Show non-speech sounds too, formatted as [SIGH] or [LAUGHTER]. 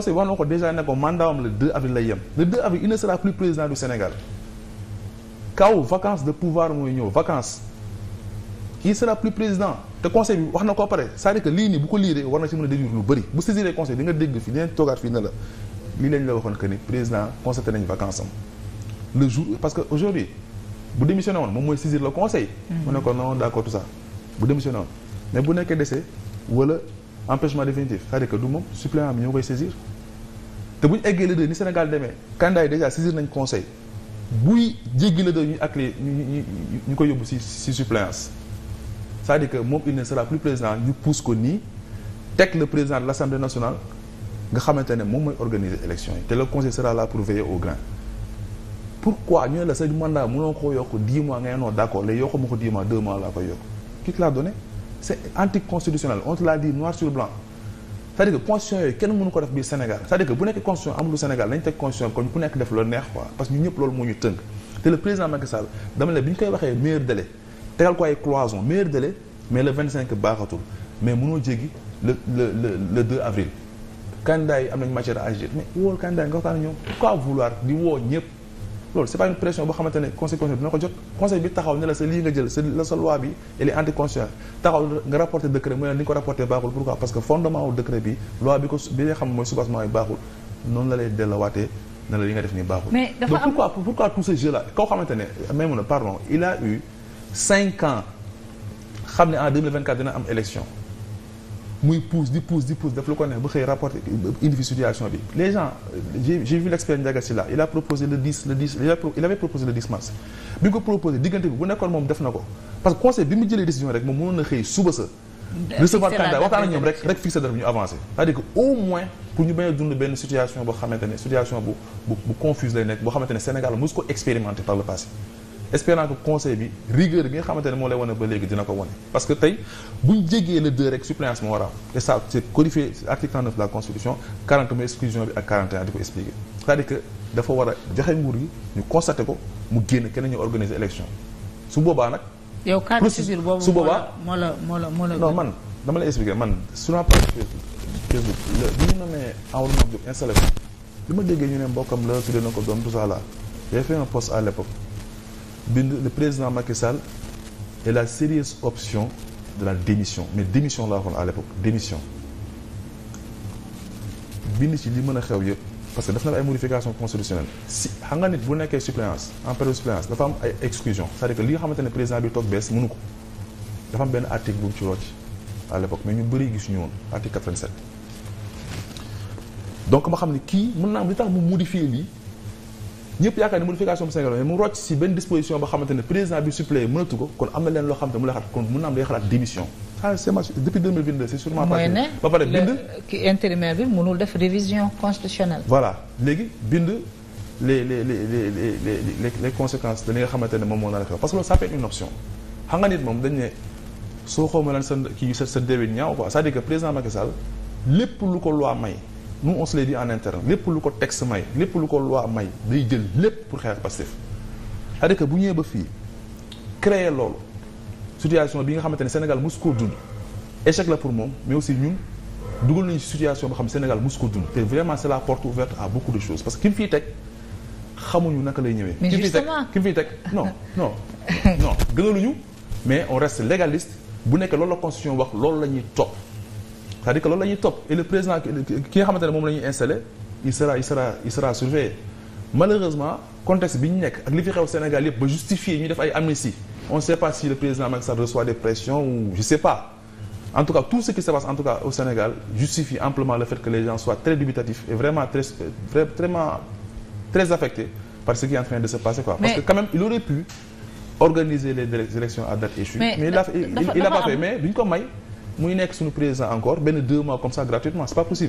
parce que wax ko déjà ne ko mandat am avril lay yem le 2 avril il ne sera plus président du Sénégal kaw vacance de pouvoir mooy ñëw vacance il sera plus président te conseil bi wax na ko pare cest dire que lii nii bu ko liiree war na ci mën a déduire lu bëri bu saisiree conseil di dégg fii dinañ toogaat fii ne la lii lañ la waxoon que ni président constaté nañ vacance am le jour parce que aujourd'hui bu démissionné woon moom mooy saisir te bu ñu eggee le deux ni Sénégal demee candidat yi déjà saisir nañ conseil buy jéggi le deux ñu aclé ñu ñu ko yóbbu si si suppléance c'est-à-dire que moom il ne sera plus président ñu pousse ko nii teg le président de l'Assemblée nationale nga xamante ne moom mooy organiser élection yi te le conseil sera là pour veiller au grain pourquoi ñu ne la sa mandat mënoo ko yokk 10 mois ngay non d'accord léegi yokkuma ko 10 mois 2 mois laa koy yokk qui te l'a donné c'est l'a cest dire que constitution yooyu kenn mënu ko def biir Sénégal c'est-à-dire que bu nekk constitution amul Sénégal nañ teg constitution kon ku nekk def la neex quoi parce que ñu ñëpp loolu moo ñu tënk te le président Macky Sall dama ne bi ñu koy waxee meilleur délai tegal ko ay cloison meilleur délai mais le 25 baaxatul mais mënoo jéggi le le le le 2 avril. candidat am nañ matière à agir mais wool candidat yi nga waxtaan ak ñoom di woo ñëpp. loolu c'est pas une pression boo xamante ne conseil constitutionnel dina ko jot conseil bi taxaw ne la sa lii nga jël sa la sa loi bi elle est anticonstitutionnelle taxaw nga rapporté décret mu ne ni nga ko rapporté baaxul pourquoi parce que fondement wu décret bi loi bi ko bi nga xam mooy soubassement yi baaxul noonu la lay dellawaatee ne la li nga def nii baaxul donc pourquoi pourquoi tout ce jeu là koo xamante ne même na pardon il a eu cinq ans xam ne en muy pouse di pousse di pousse daf lu ko neex ba xëy rapporter indi bi les gens j'ai j'ai vu l'expert Ndiaga Sylla il a proposé le 10 le 10 il avait proposé le 10 mars bi nga ko proposé diggante bi bu nekkoon moom def na ko parce que conseil bi mu jëlee décision rek moom mënoon na xëy suba sa recevoir candidat waxtaan ak ñoom rek rek fixé daf ñu avancé cest dire que au moins pour ñu bañ dund benn situation boo xamante ne situation bu bu confuse lay nekk boo xamante ne espérant conseil bi rigueur bi nga xamante ne moo lay wane ba léegi dina ko wane parce que tey buñ jéggee le deux rek suppléance moo war a am et ça c' est la constitution 40 mooy exclusion bi ak 41 di ko expliqué c' est que dafa war a joxe nguur gi ko mu génn keneen ñu organiser élection su boobaa nag. yow cas de figure boobu su boobaa moo la moo la moo la non man dama lay expliqué man sur la page Facebook bi ñu nommee Amadou Diop installé ko li ma déggee ñu ne mbokkam la tuddee na ko l' époque. bind le président Macky Sall est la sérieuse option de la démission mais démission laa waxoon à l'époque démission bind ci li mën a xew yëpp parce que daf na ay modification constitutionnelle si xam nga nit bu nekkee suppléance en période suppléance dafa am ay exclusion cest à que li nga xamante ne président bi toog bees mënu ko dafa am benn article bu mu ci rocc à l'époque mais ñu bëri gisuñu woon article 87 donc ma xam ne kii mun naa am tax mu modifier ñépp yaakaar ne modification bu Sénégal mais mu rocc si benn disposition boo xamante président bi suppléé mënatu ko kon am na leen loo xamante ne mu lay xalaat kon mën na ah, bind ki intérimaire bi mënul def révision constitutionnelle voilà léegi xamante ne moom moo a xew que loolu ça peut être une option xam nga nit moom dañ ne soo xaw ma lan sa kii sa sa déwén ñaaw quoi c'est-à-dire que président Macky Sall lépp lu ko loi may nous lépp lu ko texte may lépp lu ko loi may day jël lépp pour xeex Pastef c'est-à-dire que bu ñëwee ba fii créer loolu situation bi nga xamante ne Sénégal mosu koo dund échec la pour moom mais aussi ñun dugal nañu situation boo xam Sénégal mosu ko dund te vraiment c'est la porte ouverte à beaucoup de choses parce que ki mu fiy teg xamuñu naka lay ñëwee. mais justement ki mu fiy teg non [LAUGHS] non non gënaluñu mais on reste légaliste bu nekk loolu la constitution wax loolu la ñuy topp. c'est-à-dire que loolu la ñuy topp et le président ki nga xamante ne moom la ñuy installé il sera il sera il sera surveillé malheureusement contexte bi ñu ak li fi xew Sénégal yëpp ba justifier ñu def ay amnistie on ne sait pas si le président Macky Sall reçoit des ou je sais pas en tout cas tout ce qui se passe en tout cas au Sénégal justifie amplement le fait que les gens soient très dubitatifs et vraiment très très vraiment très affectés aurait pu organiser les élections à muy nekk suñu président encore benn deux mois comme ça gratuitement c'est pas possible